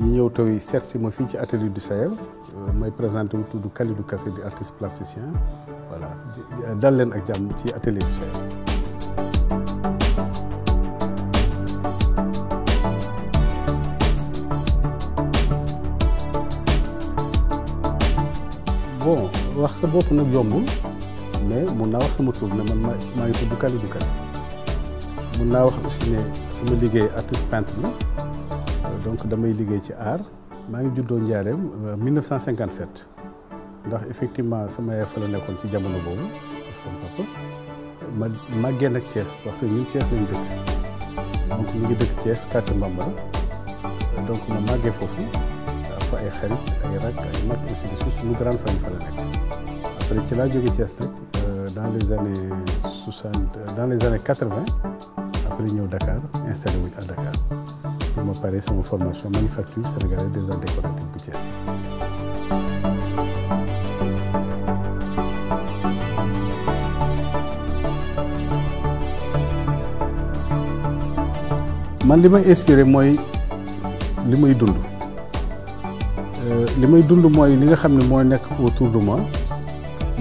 yi ñëw tey seet si ma fii ci atelier du Sahel euh, may présenté wu tudd Kalidou Kassé di artiste plasticien voilà euh, dal leen ak jàmm ci atelier du Sahel. bon wax sa bopp nag yombul mais mun naa wax sama tur ne man maa maa ngi tudd Kalidou Kassé mun naa wax aussi ne sama liggéey artiste peintre la. donc damay liggéey ci art maa ngi juddoo Njaareem 1957 euh, ndax effectivement sama yaay fa la nekkoon ci jamono boobu ak papa ma màggee nag cees parce que ñun cees lañ dëkk donc ñu ngi dëkk Thiès quartier Mbambara donc ma màggee foofu euh, fa ay xarit ay rak ay mag ainsi de suite suñu grande famille fa la nekk après ci laa jóge Thiès nag euh, dans les années dans les années 80 après ñëw Dakar installé wuñ à Dakar. ma pare sama formation manufacture sénégalaise des arts décoratifs bu Thiès. man li may inspiré mooy li may dund eh, li may dund mooy li nga xam ne mooy nekk autour de moi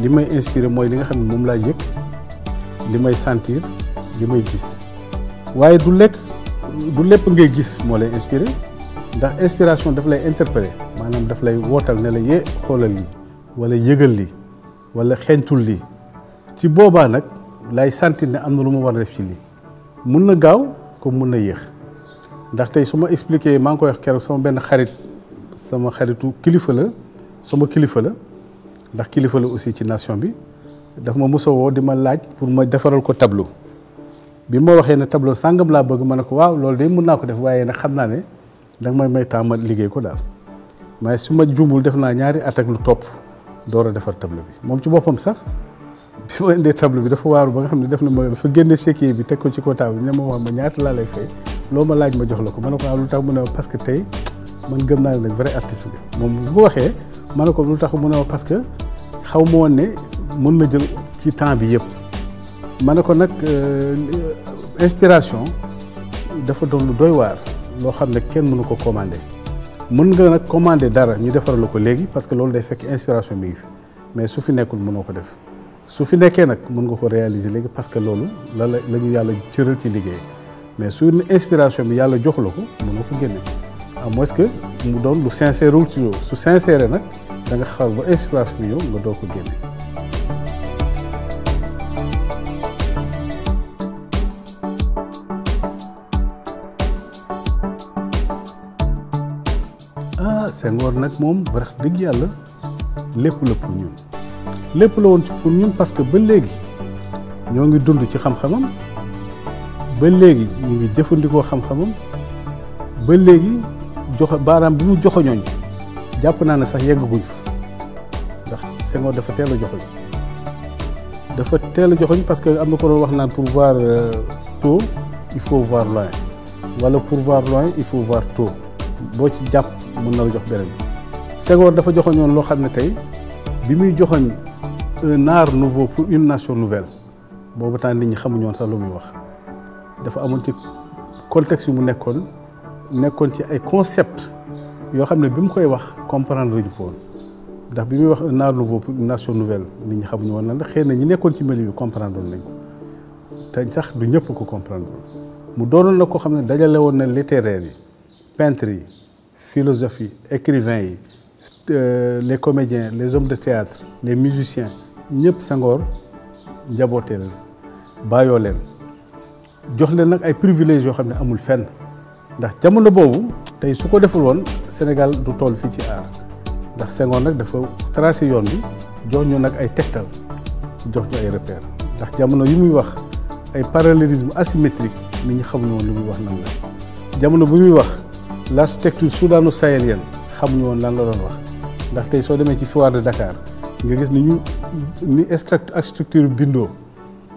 li may inspiré mooy li nga xam ne moom laa yëg li may sentir li may gis waaye du lekk. du lépp ngay gis moo lay inspiré ndax inspiration daf lay interpellé maanaam daf lay wootal ne la yee xoolal lii wala yëgal li wala xeeñtul li ci boobaa nag lay sentir ne am na lu ma war a def ci lii mun na gaaw comme mun na yéex ndax tey su ma expliquer maa ngi koy wax keroog sama benn xarit sama xaritu kilifa la sama kilifa la ndax kilifa la aussi ci nation bi daf ma mos woo di ma laaj pour ma defaral ko tableau. bi ma waxee ne tableau sàngam laa bëgg ma ko waaw loolu de mun naa ko def waaye nag xam naa ne danga may may temps ma liggéey ko daal mais su ma juumul def naa ñaari at lu topp door a defar moom ci boppam sax bi indee tableau bi dafa waaru ba nga xam ne def na ma dafa génne chéquier bi teg ko ci kotaaw bi ne ma loo ma laaj ma jox la ko ma ne ko waaw lu parce que tey man gëm naa ne nag vrai artiste moom bu ma waxee ma ne ko lu tax mu ne parce que xaw ma woon ne mën na jël ci temps bi yëpp. ma ne ko nag euh, inspiration dafa doon lu doy waar loo xam ne kenn mënu ko commandé mën nga nag commander dara ñu defaral ko léegi parce que loolu day fekk inspiration bi fi mais su fi nekkul mënoo ko def su fi nekkee nag mën nga ko réaliser léegi parce que loolu la la la ñu yàlla cëral ci liggéey mais su inspiration bi yàlla jox la ko mën nga ko génne à moins que mu doon lu sincère wul ci su sincère nag da nga xaar ba inspiration yow nga doo ko génne. Senghor nag moom wax dëgg yàlla lépp la pour ñun lépp la woon ci pour ñun parce que ba léegi ñoo ngi dund ci xam-xamam ba léegi ñu ngi jëfandikoo xam-xamam ba léegi jox baaraam bi mu joxoñooñ jàpp naa ne sax yeggaguñ fa ndax Senghor dafa teel a joxoñ dafa teel a joxoñ parce que am na ko doon wax naan pour voir euh, tôt il faut voir loin wala pour voir loin il faut voir tôt boo ci jàpp mun na la jox beneen Senghor dafa joxoñoon loo xam ne tey bi muy joxoñ naar art nouveau pour une nation nouvelle boobu temps nit ñi xamuñoon sax lu muy wax dafa amoon ci contexte yu mu nekkoon nekkoon ci ay concept yoo xam ne bi mu koy wax comprendre ñu ko woon ndax bi muy wax naar art nouveau pour une nation nouvelle nit ñi xamuñu woon lan la xëy na ñi nekkoon ci milieu bi comprendre nañ ko te sax du ñëpp ko comprendre mu doonoon la koo xam ne dajale woon na littéraire yi peintre yi philosophie écrivains yi euh, les comédiens les hommes de théâtre les musiciens ñëpp Senghor njabootee leen leen jox leen nag ay privilèges yoo xam ne amul fenn ndax jamono boobu tey su ko deful woon Sénégal du toll fii ci aar ndax Senghor nag dafa tracé yoon bi jox ñu nag ay tegtal jox ñu ay repères ndax jamono yi muy wax ay parallélisme asymétrique nit ñi xamuñu woon li muy wax nan jamono bu muy wax. l'architecture soudano-sahélienne xamuñu woon lan la doon wax ndax tey soo demee ci foire de Dakar nga gis ni ñu ni architecture bindoo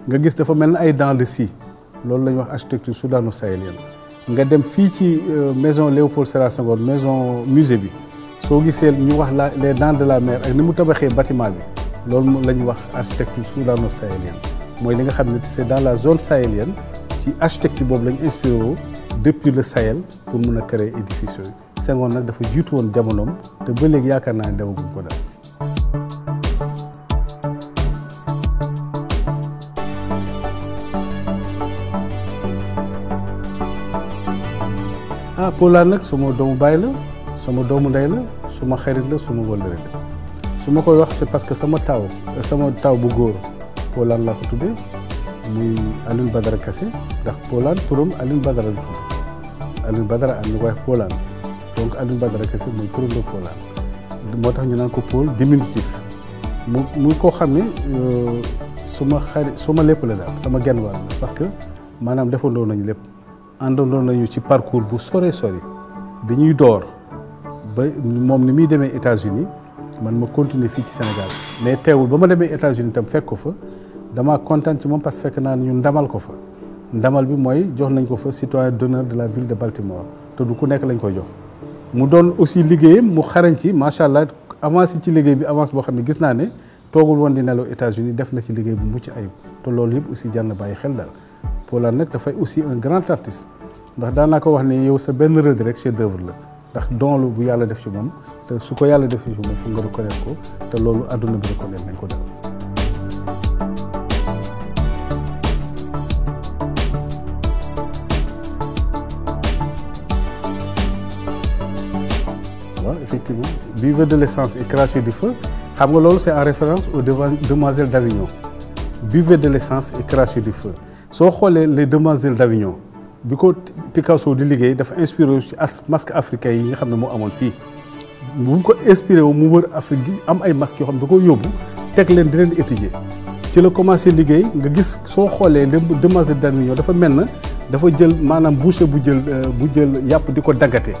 nga gis dafa mel na ay dents de scie loolu la ñuy wax architecture soudano-sahélienne nga dem fii ci euh, maison Léopold Sédar Senghor maison musée bi soo gisee ñu wax la les dents de la mer ak ni mu tabaxee bâtiment bi loolu la ñuy wax architecture soudano-sahélienne mooy li nga xam ne c'est dans la zone sahélienne ci architecture boobu la ñu inspiré depuis le Sahel pour mun a créer édifice yooyu Senghor nag dafa jiitu woon jamonoom te ba léegi yaakaar naa ne defagum ko dal ah Poulard nag suma doomu baay la suma doomu ndey la suma xarit la suma la su ma koy wax c'est parce que sama taw sama taw bu góor Poulard laa ko tuddee muy Alioune Badara Kassé ndax Poulard turam Alioune Badara la Alioune Badara and wife Poland donc Alioune Badara kese mooy turandoo Poland moo tax ñu naan ko Paul diminutif mu mu koo xam ne su euh, ma suma su ma lépp la daal sama genn wàll la parce que maanaam defandoo nañu lépp àndandoo nañu ci parcours bu sore sori bi ñuy door ba moom ni muy demee États-Unis man ma continuer fii ci Sénégal mais teewul ba ma demee États-Unis tam fekk ko fa damaa kontaan ci moom parce que fekk naa ñu ndamal ko fa ndamal bi mooy jox nañ ko fa citoyen d'honneur de la ville de Baltimore te du ku nekk lañ koy jox mu doon aussi liggéeyam mu xarañ ci macha allah avance ci liggéey bi avance boo xam ne gis naa ne toogul woon di nelaw États-Unis def na ci liggéey bu mucc ayib te loolu yëpp aussi jar na bàyyi xel daal Polar nag dafay aussi un grand artiste ndax daanaka wax ne yow sa benn rëdd rek chef d'œuvre la ndax don bu yàlla def ci moom te su ko yàlla defee ci moom fu nga reconnaître ko te loolu àdduna bi reconnaître nañ effectivement buvez de l'essence et crachez du feu xam nga loolu c'est en référence aux demoiselles d'Avignon buvez de l'essence et crachez du feu soo xoolee les demoiselles d'Avignon bi ko Picasso di liggéey dafa inspiré ci as masque africain yi nga xam ne moo amoon fii bu ko inspiré wu mu wër Afrique gi am ay masques yoo xam ne da ko yóbbu teg leen di leen étudier ci la commencé liggéey nga gis soo xoolee les demoiselles d'Avignon dafa mel na dafa jël maanaam boucher bu jël euh, bu jël yàpp di ko daggate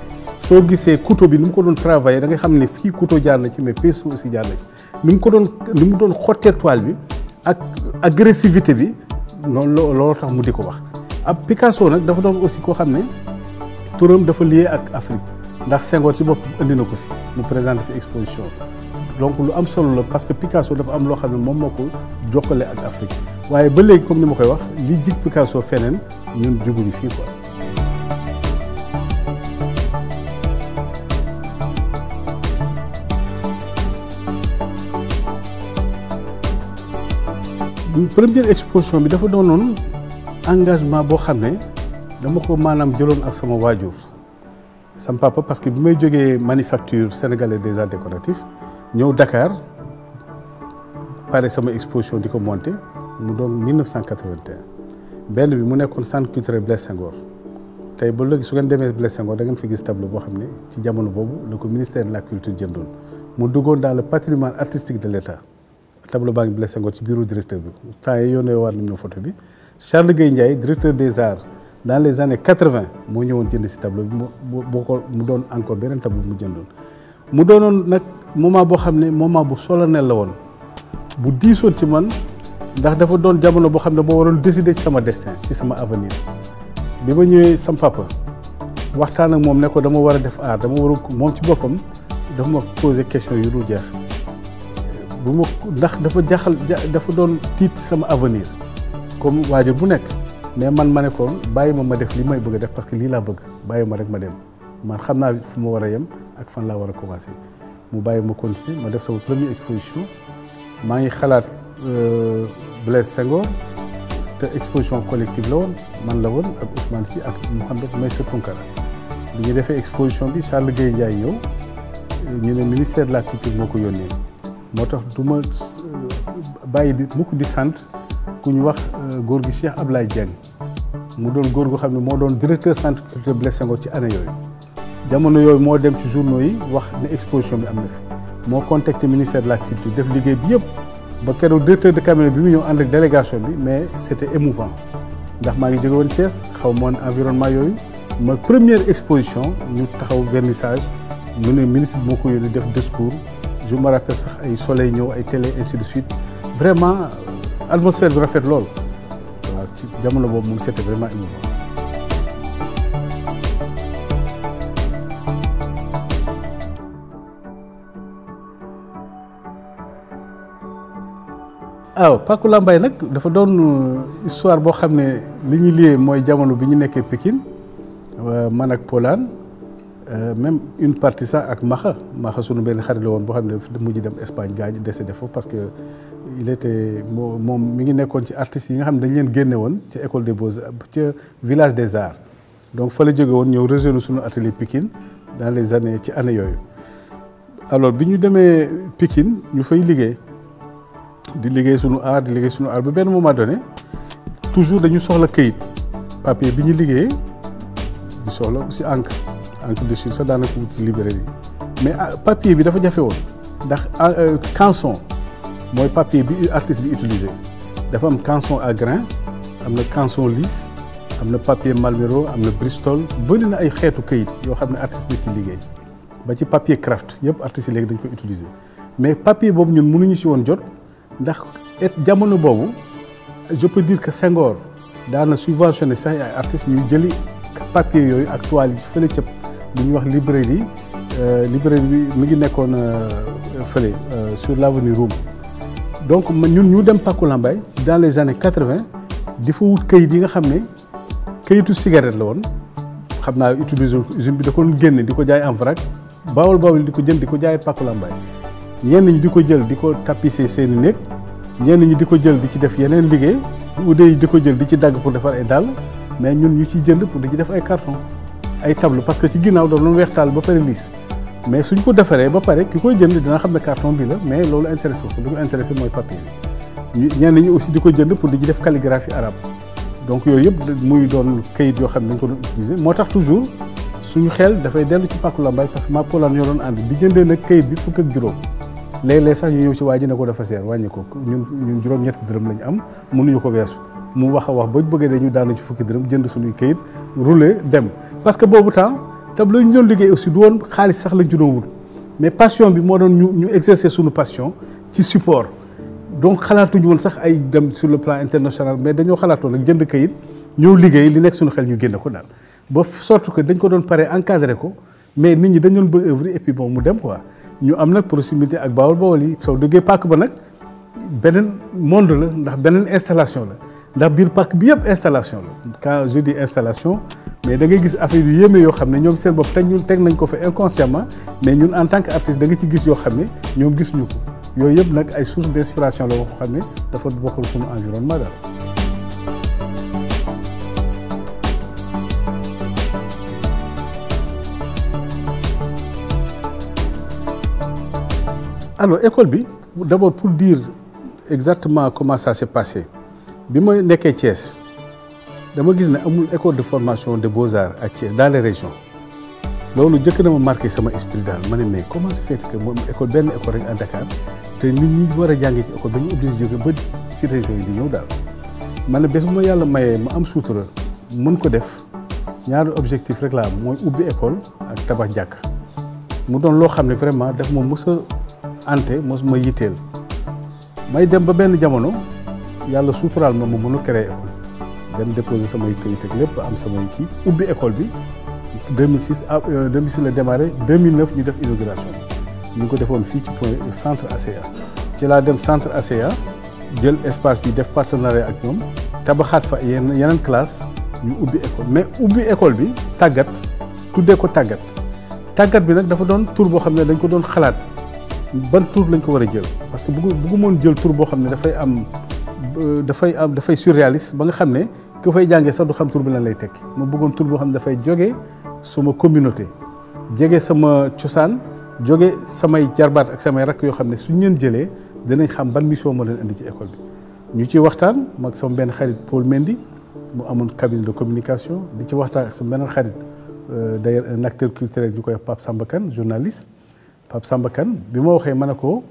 soo gisee couteau bi ni mu ko doon travailler da nga xam ne fii couteau jaar na ci mais pinceau aussi jaar na ci ni mu ko doon ni mu doon xottee toile bi ak agressivité bi noonu looloo tax mu di ko wax. ab Picasso nag dafa doon aussi koo xam ne turam dafa lié ak Afrique ndax Senghor si bopp indi na ko fi mu présenté fi exposition donc lu am solo la parce que Picasso dafa am loo xam ne moom moo ko jokkale ak Afrique waaye ba léegi comme ni ma koy wax li jig Picasso feneen ñun juguñu fii première exposition bi dafa doonoon engagement boo xam ne dama ko maanaam jëloon ak sama waajur sama papa parce que bi may jógee manufacture sénégalaise des arts décoratifs ñëw Dakar pare sama exposition di ko monté mu doon 1981 benn bi mu nekkoon centre culturel Blaise Senghor tey ba léegi su ngeen demee Blaise Senghor da ngeen fi gis tableau boo xam ne ci jamono boobu la ko ministère de la culture jëndoon mu duggoon daal le patrimoine artistique de l'État tableau baa ngi blessé ngoon ci bureau directeur bi temps yi yónnee waat nañu photo bi Charles Gueye Ndiaye directeur des arts dans les années quatre-vingt moo ñëwoon jënd si tableau bi mu ko mu doon encore beneen tableau bi mu jëndoon mu doonoon nag moment boo xam ne moment bu solennel la woon bu diisoon ci man ndax dafa doon jamono boo xam ne boo waroon décider ci sama destin ci sama avenir bi ma ñëwee sam papa waxtaan ak moom ne ko dama war a def aar dama war a moom ci boppam bu ma ndax dafa jaxal dafa doon tiit sama avenir comme waajur bu nekk mais man ma ne ko bàyyi ma ma def li may bëgg a def parce que lii laa bëgg bàyyi ma rek ma dem man xam naa fu ma war a yem ak fan laa war a commencé mu bàyyi ma continuer ma def sama première exposition maa ngi xalaat euh, Blaise Senghor te exposition collective la woon man la woon ak Ousmane si ak Mouhamed Meissa Tounkara bi ñu defee exposition bi Charles Gueye Ndiaye ñëw ñu ne la culture moo ko yónnee moo tax du ma euh, bàyyi di mukk di sant ku ñu wax euh, góor gi ab Ablaye Dieng mu doon góor gu xam ne moo doon directeur sant culturel Blaise Senghor ci année yooyu jamono yooyu moo dem ci journaux yi wax ne exposition bi am na fi moo contacté ministère de la culture def liggéey bi yëpp ba keroog directeur de cabinet bi mu ñëw ànd ak bi mais c'était émouvant ndax maa ngi jóge woon xaw ma woon environnement yooyu ma première exposition ñu taxaw vernissage mu ne ministre bi moo ko yónnee def discours je me rappelle sax ay soleil ñëw ay télé ainsi de suite vraiment atmosphère bi rafet lool waaw ci jamono boobu moom c'était vraiment émouvant waaw Paku Lambaye nag dafa doon euh, histoire boo xam ne li ñuy liyee mooy jamono bi ñu nekkee Pikine man ak Polaan Euh, même une partie sax ak Maxa Maxa sunu benn xarit la woon boo xam ne mujj dem Espagne gaañ décédé foofu parce que il était moom mi ngi nekkoon ci artistes yi nga xam ne dañ leen génne woon ci école des beaux ca village des arts donc fa la jóge woon ñëw rejoindre sunu atelier Pikine dans les années ci année yooyu alors bi ñu demee Pikine ñu fay liggéey di liggéey sunu art di liggéey sunu art ba benn moment donné toujours dañu soxla këyit papier bi ñu liggéey di soxla en Côte de Chine sax daanaka wut ci librairie mais ah, papier bi dafa jafe woon ndax ah, euh, canson mooy papier bi artiste bi utilisé dafa am canson à grain am na canson lis am na papier Malmero am na Bristol bëri na ay xeetu kayit yoo xam ne artiste da ci liggéey ba ci papier craft yëpp artistes yi léegi dañ ko utiliser mais papier boobu ñun mënuñu si woon jot ndax et jamono boobu je peux dire que Senghor daana subventionné sax ay artistes ñuy jëli papier yooyu ak toile yi fële ca bu ñuy wax librairie euh, librairie bi mi ngi nekkoon euh, fële euh, sur l'avenue Roume donc ñun ñu dem Pàkku Lambaay dans les années quatre-vingt di fa wut kayit yi nga xam ne kayitu cigarette la woon xam naa utiliser usine bi da ko génne di ko jaay en vrac bawol bawol di ko jën di ko jaay Pàkku Lambaay ñenn ñi di ko jël di ko tapisser seeni néeg ñenn ñi di ko jël di ci def yeneen liggéey ude yi di ko jël di ci dagg pour defar ay dàll mais ñun ñu ciy jënd pour di ci def ay carton ay tableau parce que ci ginnaaw doon lu weex taal ba pare liis mais suñ ko defaree ba pare ki koy jënd dina xam ne carton bi la mais loolu intéressé ko li ko intéressé mooy papier bi ñenn ñi aussi di ko jënd pour di ci def calligraphie arabe donc yooyu yëpp muy doon kayit yoo xam ne dañ ko doon utiliser moo tax toujours suñu xel dafay dellu ci pàkku lambaay parce que maa polaan ñoo doon ànd di bi fukk ak juróom léeg-léeg waa ji ko dafa seer wàññi ko ñun ñun juróom-ñetti dërëm lañu am mënuñu ko weesu mu wax a wax ba bëggee dañu daanu ci fukki dërëm jënd suñuy kayit roulé dem parce que boobu temps tableau yi ñu doon liggéey aussi du woon xaalis sax lañ ci doon mais passion bi moo doon ñu ñu exercer suñu passion ci support donc xalaatuñu woon sax ay dem sur le plan international mais dañoo xalaatoo rek jënd kayit ñëw liggéey li nekk suñu xel ñu génne ko daal ba sorte que dañ ko doon pare encadré ko mais nit ñi dañ doon bëgg œuvre et puis mu dem quoi ñu am nag proximité ak Baol Baol yi soo déggee pàkk ba nag beneen monde la ndax beneen installation la ndax biir parc bi yëpp installation la quand je installation mais dangay gis affaire yu yéeme yoo xam ne ñoom seen bopp teg ñu teg nañ ko fa inconsciemment mais ñun en tant que artiste da nga ci gis yoo xam ne ñoom gisuñu ko yooyu yëpp nag ay source d'inspiration la ko xam ne dafa bokkul suñu environnement daal. alors école bi d'abord pour dire exactement comment ça s'est passé bi ma nekkee Thiès dama gis ne amul école de formation de beaux-arts à Thiès dans les régions loolu jëkk na ma marqué sama esprit daal ma ne mais comment se fait que moom école benn école rek à te nit ñi war a jàngee ci école ba ñu obligé jóge ba si région di ñëw daal ma ne ma yàlla mayee ma am suutura mën ko def ñaari objectif rek laa am mooy ubbi école ak tabax jàkk mu doon loo xam ne vraiment daf ma mës a ante mos ma yitteel may dem ba benn jamono yàlla suuturaal ma ma mën a créer école dem déposer samay këyit ak lépp am samay kii ubbi école bi 2006 ah 2006 euh, la démarré 2009 ñu def inauguration ñu ngi ko defoon fii ci point euh, centre ACA ci laa dem centre ACA jël espace bi def partenariat ak ñoom tabaxaat fa yenn yeneen classe ñu ubbi école mais ubbi école bi tàggat tuddee ko tàggat tàggat bi nag dafa doon tur boo xam ne dañ ko doon xalaat ban tour lañ ko war a jël parce que bëggu bëggu moon jël tur boo xam ne dafay am dafay am dafay surréaliste ba nga xam ne ku fay jàngee sax du xam tur bi lan lay tekki ma bëggoon tur boo xam ne dafay jóge suma communauté jege sama cosaan jóge samay jarbaat ak samay rakk yoo xam ne suñ leen jëlee dinañ xam ban mission moo leen indi ci école bi ñu ciy waxtaan mag sama benn xarit Paul mendi mu amoon cabinet de communication di ci waxtaan ak sama beneen xarit euh, d'ailleurs un acteur culturel ñu koy wax Pape Samba Kane journaliste Pape Samba bi ma waxee ma ne ko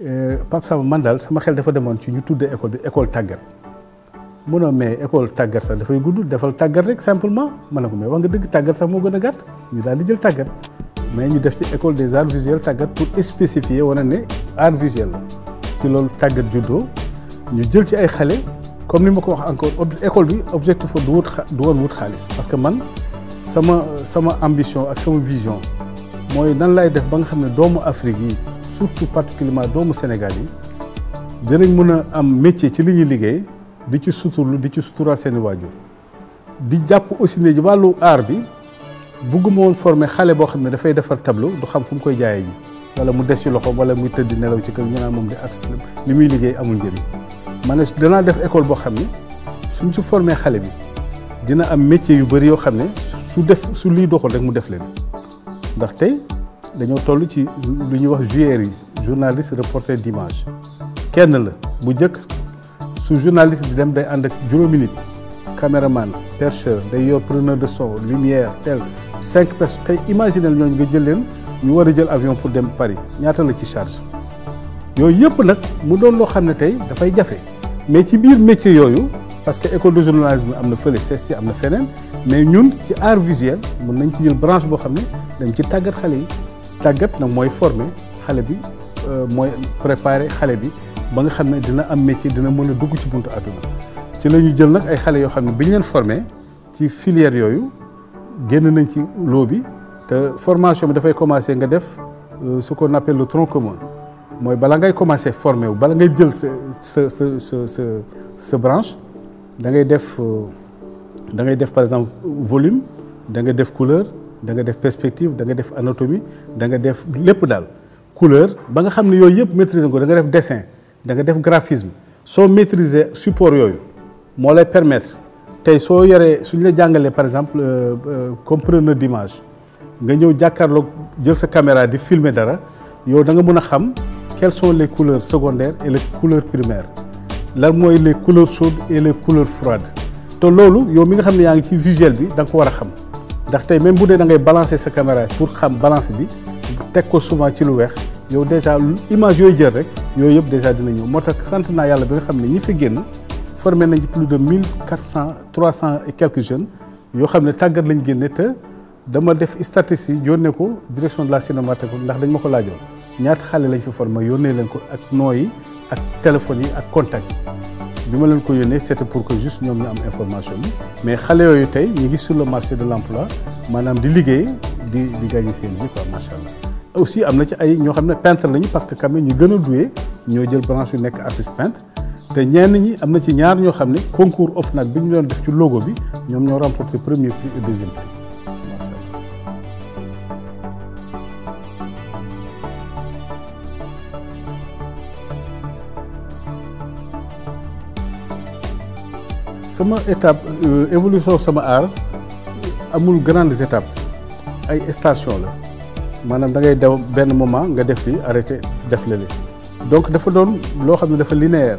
Euh, Pape Samba man daal sama xel dafa demoon ci ñu tuddee école bi école tàggat mu ne mais école tàggat sax dafay gudd defal tàggat rek simplement ma ne ko mais wax nga dëgg tàggat sax moo gën a gàtt ñu daal di jël tàggat mais ñu def ci école des arts visuels tàggat pour spécifier wane ne art visuel la ci loolu tàggat juddoo ñu jël ci ay xale comme ni ma ko wax encore école bi objectif du wut du woon wut xaalis parce que man sama sama ambition ak sama vision mooy nan laay def ba nga xam ne doomu Afrique yi. surtout particulièrement doomu Sénégal yi danañ mën a am métier ci li ñuy liggéey di ci suturlu di ci sutural seeni waajur di jàpp aussi ne wàllu aar bi bugguma woon former xale boo xam ne dafay defar tableau du xam fu mu koy jaayee ji wala mu des ci loxo wala muy tëdd nelaw ci kër ñu naan moom di ak li muy liggéey amul njëriñ ma ne danaa def école boo xam ne suñ si formé xale bi dina am métier yu bëri yoo xam ne su def su lii doxul rek mu def leen ndax tey dañoo toll ci lu ñuy wax JR yi journaliste reporter d'image kenn la bu njëkk su journaliste di dem day ànd ak juróomi nit caméraman percheur day yor preneur de son lumière tel cinq personnes tey imaginel ñooñu nga jël leen ñu war a jël avion pour dem Paris ñaata la ci charge yooyu yëpp nag mu doon loo xam ne tey dafay jafe mais ci biir métier yooyu parce que école de journalisme am na fële CESTI am na feneen mais ñun ci art visuel mën nañ ci jël branche boo xam ne dañ ci tàggat xale yi tàggat nag mooy former xale bi euh, mooy préparer xale bi ba nga xam ne dina am métier dina mën a dugg ci buntu àdduna ci la ñu jël nag ay xale yoo xam ne bi ñu leen formé ci filière yooyu génn nañ ci loo bi te formation bi dafay commencer nga def su euh, ko appelle le tronc commun mooy bala ngay commencer formé wu bala ngay jël sa sa sa sa sa sa branche da ngay def euh, da ngay def par exemple volume da ngay def couleur da nga def perspective da def anatomie da nga def lépp daal couleur ba nga xam ne yooyu yëpp maîtriser ko da nga def dessin danga def graphisme soo maîtriser support yooyu moo lay permettre tey soo yoree suñ la jàngalee par exemple euh, euh, compreneur d'image nga ñëw jàkkaarloog jël sa caméra di filmer dara yow da nga mën a xam quelles sont les couleurs secondaires et les couleurs primaires lan mooy les couleur chaudes et les couleurs froides te loolu yow mi nga xam ne yaa ngi ci visuel bi da ko war a xam ndax tey même bu dee da ngay balancer sa caméra pour xam balance bi teg ko souvent ci lu weex yow déjà image yooyu jël rek yooyu yëpp déjà dina ñëw moo tax sant naa yàlla bi nga xam ne ñi fi génn formé nañ ci plus de mille quatre cent trois cent et quelques jeunes yoo xam ne tàggat lañ génne te dama def statistique yónnee ko direction de la cinémathèque ndax dañ ma ko laajoon ñaata xale lañ fi formé yónnee leen ko ak noo yi ak téléphones yi ak contacts yi bi ma leen ko yónnee c'était pour que juste ñoom ñu am information bi mais xale yooyu tey ñu ngi sur le marché de l'emploi maanaam di liggéey di di gagner seen vie quoi macha allah. aussi am na ci ay ñoo xam ne pentre lañu parce que quand même ñu gën a doué ñoo jël branche yu nekk artiste peintre te ñenn ñi am na ci ñaar ñoo xam ne concours OFNAC bi ñu doon def ci logo bi ñoom ñoo remporté premier prix et sama étape euh, évolution sama art amul grandes étapes ay station la maanaam da ngay daw benn moment nga def fi arrêté def la li donc dafa doon loo xam ne dafa linéaire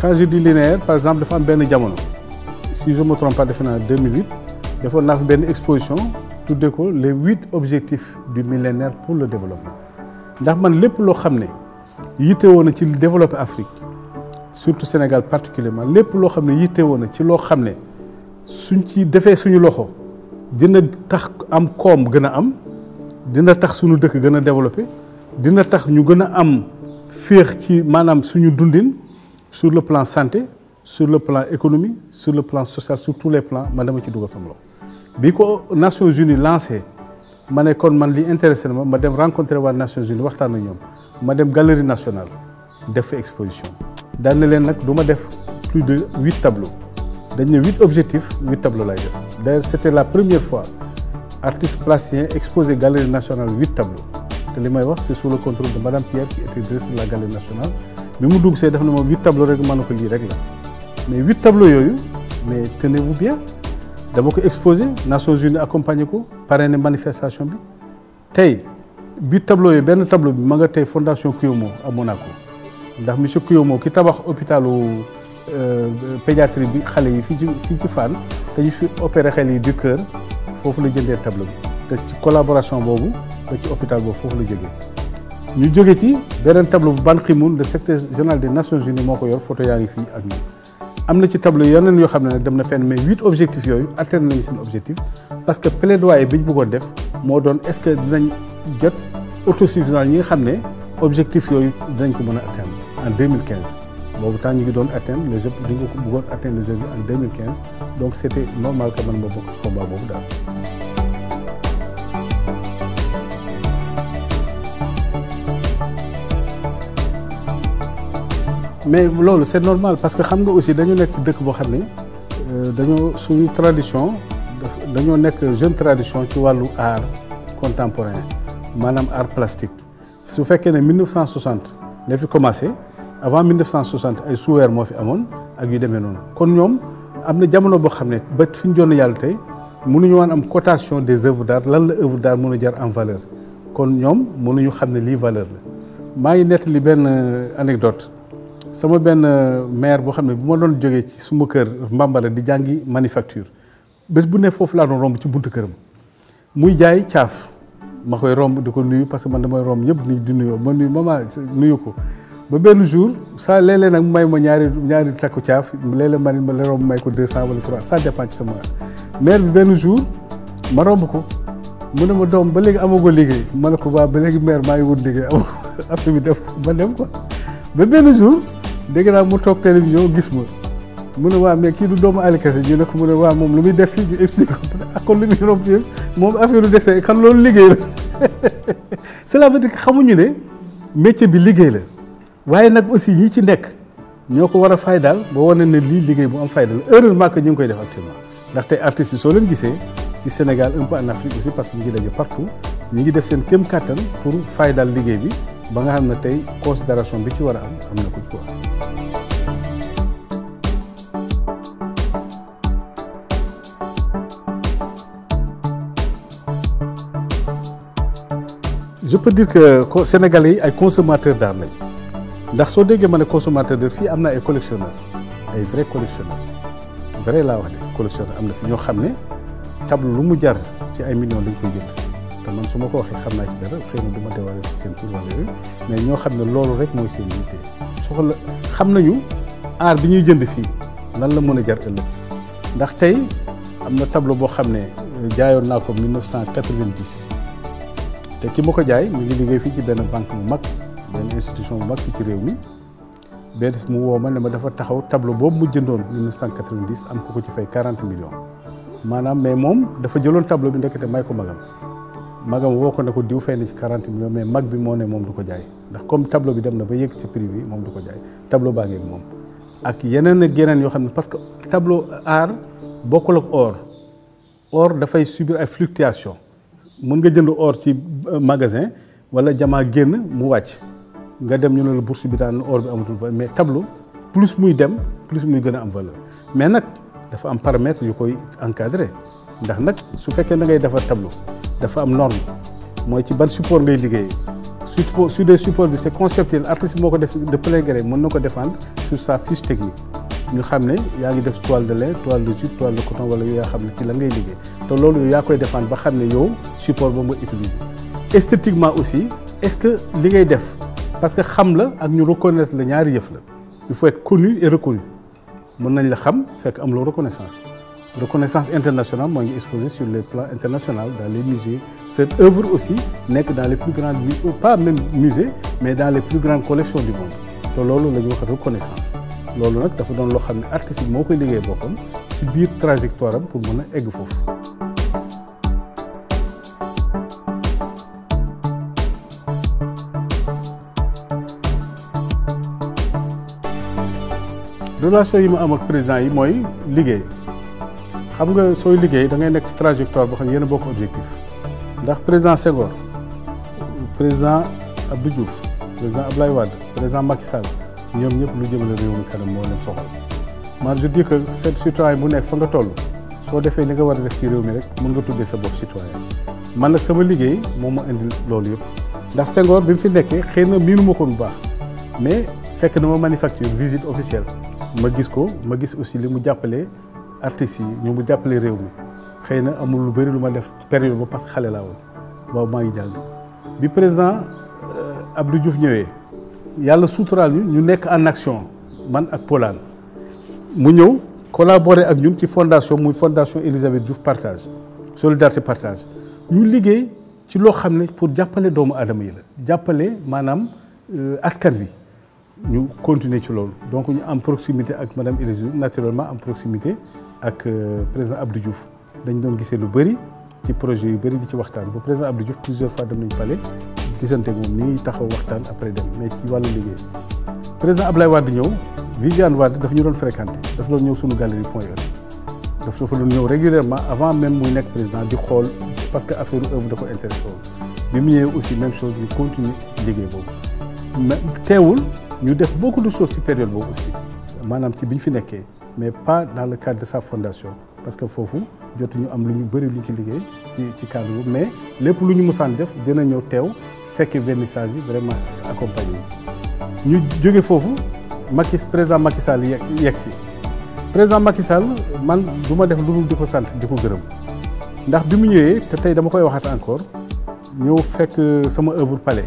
quand je dis linéaire par exemple dafa am benn jamono si je me trompe pas defe naa 2008 defoon naa benn exposition tuddee ko les huit objectifs du millénaire pour le développement ndax man lépp loo xam ne yitte woon na ci développer Afrique surtout Sénégal particulièrement lépp loo xam ne yitte woon na ci loo xam ne suñ ci defee suñu loxo dina tax am koom gën a am dina tax suñu dëkk gën a développé dina tax ñu gën a am féex ci maanaam suñu dundin sur le plan santé sur le plan économie sur le plan social sur tous les plans man dama ci dugal sama loxo bi ko Nations Unies lancé ma ne kon man li intéressé na ma ma dem rencontré waa Nations Unies waxtaan ak ñoom ma dem galerie national def fa exposition daan na leen nag du ma def plus de huit tableaux dañ ne huit objectif huit tableaux lay la première fois artiste plasticien exposé galerie nationale huit tableaux li may wax c'est sous le contrôle de madame Pierre qui était bi mu dugg see def na moom huit tableaux rek mën na ko lii rek la mais huit tableaux yooyu mais tenez-vous bien dama ko exposé Nations Unies accompagné ko ne manifestation bi tey huit tableaux yooyu benn tableau bi ma nga tey fondation Cuomo à Monaco ndax monsieur moo ki tabax hôpitalu euh, pédiatrie bi xale yi fii ci fii ci Fann te ñu fi opéré xel yi du cœur foofu la jëndee table bi te ci collaboration boobu ba ci hôpital boobu foofu la jógee. ñu jóge ci beneen tableau bu Ban Ki-moon le secrétaire général de Nations Unies moo ko yor photo yaa ngi fi ak ñun am na ci tableau yeneen yoo xam ne nag dem na fenn mais huit objectif yooyu atteindre nañu seen objectif parce que plaidoyer bi ñu bëggoon def moo doon est-ce que dinañ jot autosuffisance yi nga xam ne objectif yooyu dinañ ko mën a atteindre. en boobu temps ñu ngi doon atteindre les Jeux dañu ko bëggoon atteindre les Jeux en 2015 donc c' était normal que man ma bokk ci combat boobu daal. mais loolu c' est normal parce que xam nga aussi dañu nekk ci dëkk boo xam ne euh, dañoo suñu tradition dañoo nekk jeune tradition ci wàllu aar contemporain maanaam art plastique su fekkee ne 1960 la fi commencé. avant 1960 ay suweer moo fi amoon ak yu demee noonu kon ñoom am na jamono boo xam ne ba fi ñu jonn yàlla tey mënuñu woon am cotation des œuvres d'art lan la œuvre d'art mën a jar en valeur kon ñoom mënuñu xam ne lii valeur la maa ngi nettali benn anecdote sama benn euh, maire boo xam ne bu ma doon jógee ci suma kër Mbambala di jàngi manufacture bés bu ne foofu laa doon romb ci buntu këram muy jaay caaf ma koy romb di ko nuyu parce que man damay romb ñëpp di nuyoo ma nuyu mama nuyu ko ba benn jour saa léeg nag may ma ñaari ñaari takku caaf léeg-léeg ma ma la may ko deux cent wala trois ça dépend ci sama bi benn jour ma romb ko mu ne ma doom ba léegi amagoo liggéey ma ne ko waa ba léegi mère maa ngi wut liggéey amagoo affaire bi def ma dem ko ba benn jour dégg naa mu toog télévision gis ma mu ne waa mais kii du doomu Aliou Kassé ñu ne ko mu ne waa moom lu muy def fii ñu expliqué ko kon lu muy romb yëpp moom affaire du dese kan loolu liggéey la cela veut dire xamuñu ne métier bi liggéey la. waaye nag aussi ñi ci nekk ñoo ko war a faydaal ba wane ne lii liggéey bu am fayda la heureusement que ñu ngi koy def actuellement ndax tey artistes yi soo leen gisee ci Sénégal un peu en Afrique parce que ñu ngi daje partout ñu ngi def seen kéem kàttan pour faydaal liggéey bi ba nga xam ne tey considération bi ci war a am am na ko ci quoi. je que Sénégalais yi ay consommateurs d'art lañ. ndax soo déggee ma ne consommateur de fii am na ay collectionneurs ay vrai collectionneurs vrai laa wax de collectionneur am na fi ñoo xam ne table lu mu jar ci ay millions dañ koy jënd te man su ma ko waxee xam naa ci dara xëy na du ma déwale ci seen tur wala mais ñoo xam ne loolu rek mooy seen yitte soxla xam nañu aar bi ñuy jënd fii lan la mën a jar ëllëg ndax tey am na tableau boo xam ne euh, jaayoon naa ko 1990 te ki ma ko jaay mu ngi liggéey fii ci benn banque bu mag. benn institution bu mag fii ci réew mi benn mu woo ma ne ma dafa taxaw tableau boobu mu jëndoon 1990 am ko ko ci fay 40 millions maanaam mais moom dafa jëloon tableau bi ndekete may ko magam magam woo ko ne ko diw fay na ci 40 mais mag bi moo ne moom du ko jaay ndax comme tableau bi dem na ba yegg prix bi moom du ko jaay tableau baa ngi moom. ak yeneen ak yoo xam ne parce que tableau aar bokkul ak or or dafay subir ay fluctuations mën nga jënd or ci magasin wala jamaa génn mu wàcc. nga dem ñu ne la bourse bi daan or bi amatul valeur mais tableau plus muy dem plus muy gën a am valeur mais nag dafa am paramètre yu koy encadré ndax nag su fekkee nangay ngay defar tableau dafa am norme mooy ci ban support ngay liggéeyee surtout su dee support bi c'est conceptuel artiste moo ko def de plein gré mën na ko defaan sur sa fiche technique ñu xam ne yaa ngi def toile de lin toile de jute toile de coton wala yoo xam ne ci la ngay liggéey te loolu yow yaa koy défendre ba xam ne yow support boobu nga utiliser esthétiquement aussi est-ce que li ngay def parce que xam la ak ñu reconnaître la ñaari yëf la il faut être connu et reconnu mën nañ la xam fekk am loo reconnaissance reconnaissance internationale moo ngi exposé sur les plans international dans les musées cette œuvre aussi nekk dans les plus grandes pas même musées mais dans les plus grandes collections du monde te loolu la ñu wax reconnaissance loolu nag dafa doon loo xam ne artistique moo koy liggéey boppam ci biir trajectoire am pour mën a egg foofu relation yi ma am ak président yi mooy liggéey xam nga sooy liggéey da ngay nekk ci trajectoire boo xam ne yéen a bokk objectif ndax président Senghor président Abdou Diouf président Ablaye Wade président Macky Sall ñoom ñëpp lu jëmale réew mi kanam moo leen soxal man je que cette citoyen bu nekk fa nga toll soo defee li nga war a def ci réew mi rek mën nga tuddee sa bopp citoyen man nag sama liggéey moom ma indi loolu yëpp ndax Senghor bi mu fi nekkee xëy na miinu ma bu baax mais fekk na ma manufacture visite officielle ma gis ko ma gis aussi li mu jàppale artistes yi ñu mu jàppale réew mi xëy na amul lu bëri lu ma def période ba parce que xale laa woon boobu maa ngi jàng bi président euh, Abdou Diouf ñëwee yàlla suturaal ñu ñu nekk en action man ak Polaan mu ñëw collaborer ak ñun ci fondation muy fondation Elisabeth Diouf partage solidarité partage ñu liggéey ci loo xam ne pour jàppale doomu aadama yi la jàppale maanaam euh, askan wi ñu continuer ci loolu donc ñu am proximité ak madame Elisou naturellement am proximité ak euh, président Abdou Diouf dañ doon gisee lu bëri ci projet yu bëri di ci waxtaan ba président Abdou Diouf plusieurs fois dem nañu palais gisante moom nii taxaw waxtaan après dem mais ci wàllu liggéey président Ablaye Wade ñëw Viviane Wade daf ñu doon fréquenté daf doon ñëw sunu galerie point E daf dafa doon ñëw régulièrement avant même muy nekk président di xool parce que affaire œuvre da ko intéressé woon bi mu ñëwee aussi même chose ñu liggéey boobu mais teewul ñu def boo ko de choses ci période boobu aussi maanaam ci bi ñu fi nekkee mais pas dans le cadre de sa fondation parce que foofu jotuñu am lu ñu bëri lu ñu ci liggéey ci ci cadre boobu mais lépp lu ñu musaan def dina ñëw teew fekk vernissage yi vraiment accompagné ñu jóge foofu Macky président Macky Sall yegg si président Macky Sall man du ma def lu mu di ko sant di ko gërëm ndax bi mu ñëwee te tey dama koy waxaat encore ñëw fekk sama œuvre palais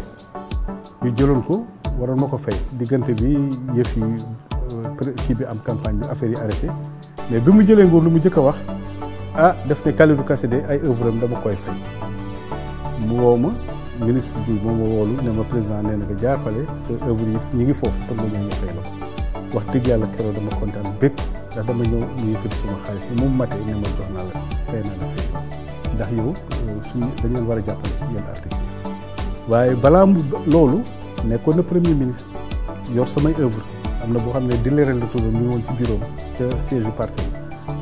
ñu jëloon ko. waroon ma ko fay diggante bi yëf yi euh, kii bi am campagne bi affaire yi arrêté mais bi mu jëlee nguur lu mu njëkk a wax ah def ne Kalidou Kassé de ay œuvre am dama koy fay mu woo ma ministre bi moom ma woolu ne ma président nee na nga jàppale sa œuvre yi ñi ngi foofu pour nga ñëw ñu wax dëgg yàlla keroog dama kontaan bépp ndax dama xaalis bi moom matee ne ma jox naa la fay naa la say ndax yow euh, suñu dañ leen war a jàppale yéen artistes yi waaye balaa mu loolu mais kon na premier ministre yor samay œuvre am na boo xam ne di leeral la tudd mi ngi ci bureau ca siège parti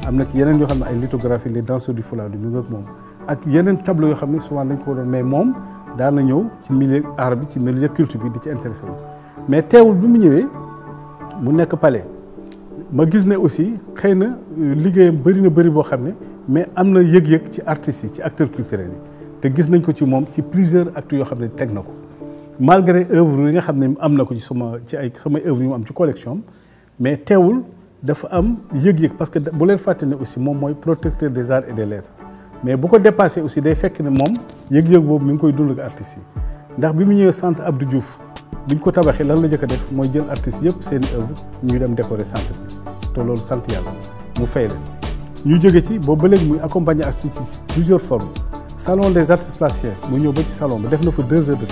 am na ci yeneen yoo xam ne ay lithographie les danseurs du Fulaadu mi ngi ak moom ak yeneen tableau yoo xam ne souvent dañ ko doon mais moom daan na ñëw ci milieu bi ci milieu culture bi di ci intéressé mais teewul bi mu ñëwee mu nekk pale ma gis ne aussi xëy na euh, liggéeyam bëri na bëri boo xam ne mais am na yëg-yëg ci artistes yi ci acteur culturels yi te gis nañ ko ci moom ci plusieurs actes yoo xam ne teg na ko malgré œuvre li nga xam ne am na ko ci sama ci ay samay œuvre yu mu am ci collection mais teewul dafa am yëg-yëg parce que bu leen fàtte ne aussi moom mooy protecteur des arts et des lettres mais bu ko dépassé aussi day fekk ne moom yëg-yëg boobu mi ngi koy dund ak artistes yi ndax bi mu ñëwee centre Abdou Diouf bi ñu ko tabaxee lan la jëkk a def mooy jël artistes yëpp seen œuvre ñu dem décorer centre bi te loolu sant yàlla mu fay leen ñu jóge ci boobu ba léegi muy accompagner artistes yi salon des artistes placiens mu ñëw ba ci salon ba na fa deux heures de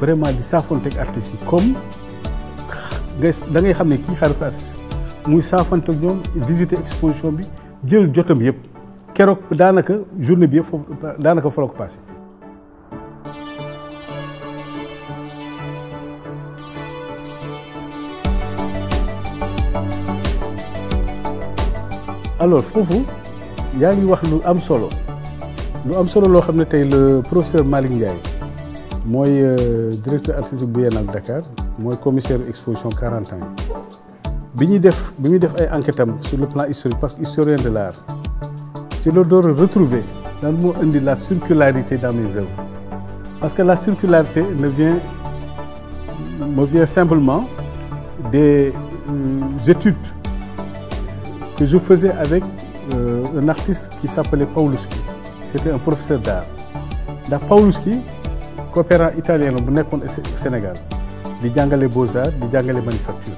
vraiment di saafanteeg artistes yi comme nga dangay xam ne kii xaritu artiste muy saafanteeg ñoom visiter exposition bi jël jotam yëpp keroog daanaka journée bi yëpp foofu daanaka fa la ko passé. alors foofu yaa ngi wax lu am solo lu am solo loo xam ne tey le professeur Malick mooy euh, directeur artistique bu Biennale Dakar mooy commissaire exposition 40 ans yi bi ñuy def bi muy def ay enquête am sur le plan historique parce que historien de l'art ci la door a retrouver lan moo indi la circularité dans mes œuvres parce que la circularité ne vient me vient simplement des euh, études que je faisais avec euh, un artiste qui s'appelait Pauluski c'était un professeur d'art ndax Pauluski coopérant italien la bu nekkoon Sénégal di jàngale beaux-arts di jàngale manufacture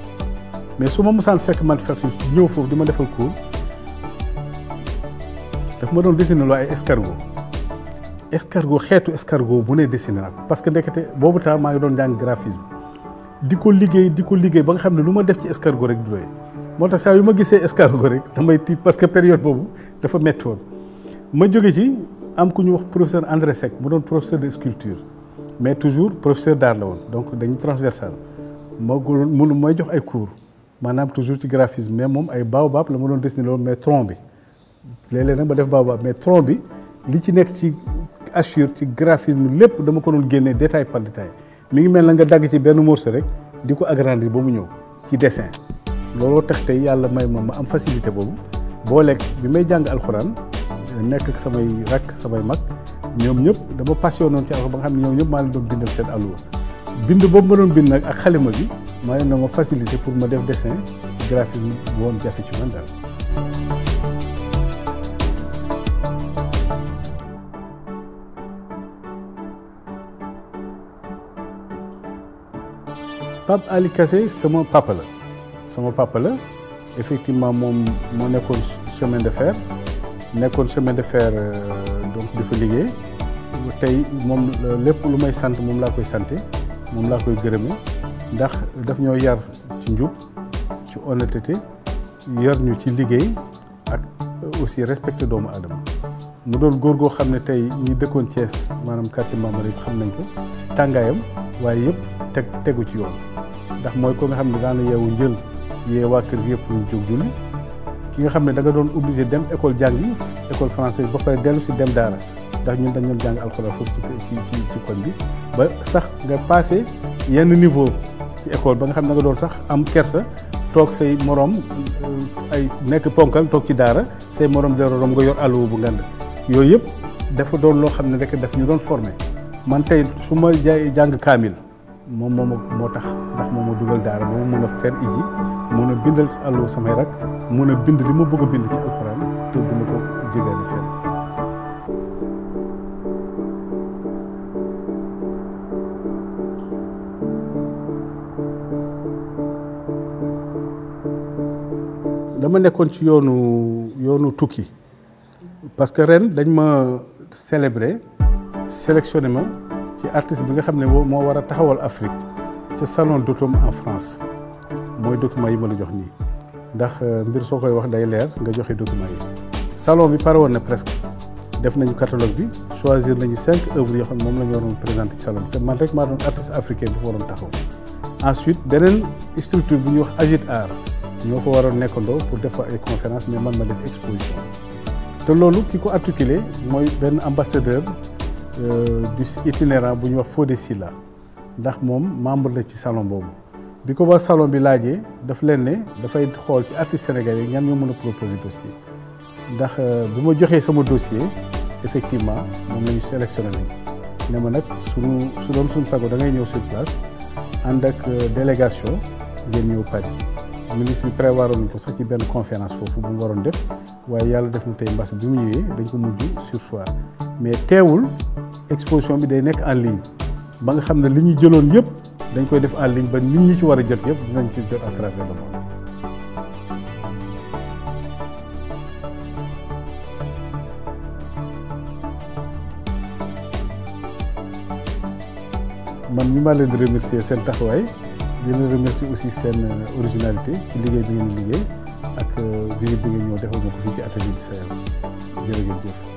mais su ma mosaan fekk manufacture ñëw foofu di ma defal cours dafa ma doon dessiner loo ay escargot escargot xeetu escargot bu ne dessiné naa parce que ndekete boobu temps maa ngi doon jàng graphisme di ko liggéey di ko liggéey ba nga xam ne lu ma def ci escargot rek du doy moo tax saa yu ma gisee escargot rek damay tiit parce que période boobu dafa métti ma jóge ci am ku ñu wax professeur André Seck mu doon professeur de sculpture mais toujours professeur daar la woon donc dañu transversal moo mënu mooy jox ay cours maanaam toujours ci graphisme mais moom ay baobab la ma doon dessiné loolu mais tronc bi léeg nag ba def baobab mais tronc bi li ci nekk ci assure ci graphisme lépp dama ko doon génne détail par détail mi ngi mel na nga dagg ci benn morceau rek di ko agrandir ba mu ñëw ci dessin looloo tax tey yàlla may ma ma am facilité boobu boo lekk bi may jàng alxuraan nekk ak samay rakk samay mag ñoom ñëpp dama passionné woon ci alxuraan ba nga xam ne ñoom ñëpp maa leen doon bindal seen alluwa bind boobu ma doon bind nag ak xalima bi mooy na ma facilité pour ma def dessin ci graphisme bu woon jafe ci man daal. sama papa la sama papa moom moo nekkoon de fer. nekkoon chemin de fer euh, donc di fa liggéey tey moom euh, lépp lu may sant moom laa koy sante moom laa koy gërëme ndax daf ñoo yar ci njub ci honnêteté yar ñu ci liggéey ak aussi respecté doomu aadama mu doon góor goo xam ne tey ñi dëkkoon cees maanaam quartier Mamari yëpp xam nañ ko tàngaayam waaye yëpp teg tegu ci yoon ndax mooy ko nga xam ne daana yeewu njël yee waa kër gi yëpp ñu jóg julli bi nga xam ne da nga doon obligé dem école jàngi école française ba pare dellu si dem daara ndax ñu dañ doon jàng alxuraan foofu ci ci ci ci koñ bi ba sax nga passé yenn niveau ci école ba nga xam ne da nga doon sax am kersa toog say moroom euh, ay nekk ponkal toog ci daara say moroom di rom nga yor àlluwa bu ngand yooyu yëpp dafa doon loo xam ne rek daf ñu doon formé man tey su ma jaay jàng kaamil moom moo moo tax ndax moom moo dugal daara moom mu mën a mën a bindal ci àllo samay rek mën a bind li ma bëgg a bind ci alxuraan te duma ko jégaani fenn dama nekkoon ci yoonu yoonu tukki parce que ren dañ ma célébrer sélectionné ma ci artiste bi nga xam ne moo war a taxawal Afrique ci salon d'automne en France mooy document yi ma la jox nii ndax euh, mbir soo koy wax day leer nga joxe document yi salon bi pare woon na presque def nañu catalogue bi choisir nañu cinq œuvres yoo moom la ñu waroon présenter ci salon te man rek maa doon artiste africain bu fa waroon taxaw ensuite beneen structure bu ñuy wax agit art ñoo ko waroon nekkandoo pour def ay conférence mais man ma def exposition te loolu ki ko articulé mooy benn ambassadeur euh, du itinérant bu ñuy wax Fodé ndax moom membre la ci salon boobu bi ko ba salon bi laajee daf leen ne dafay xool ci artiste sénégalais yi ñan ñoo mën a proposer dossier ndax euh, bu ma joxee sama dossier effectivement moom la ñu sélectionné nañ ne ma nag suñu su doon suñ sago da ngay ñëw sur ànd ak euh, délégation ngeen ñëw Paris ministre bi prévoir nañ ko sax ci benn conférence foofu bu mu waroon def waaye yàlla def na tey mbas bi mu ñëwee dañ ko mujj sur soir mais teewul exposition bi day nekk en ligne ba nga xam ne li ñu jëloon yëpp. dañ koy def en ligne ba nit ñi ci war a jot yëpp dinañ ci jot à travers le monde. man ñu maa leen di remercier seen taxawaay di leen remercier aussi seen euh, originalité ci liggéey bi ngeen liggéey ak euh, visite bi ngeen ñëw defal ma ko fii ci atelier bi Sahel jërë ngeen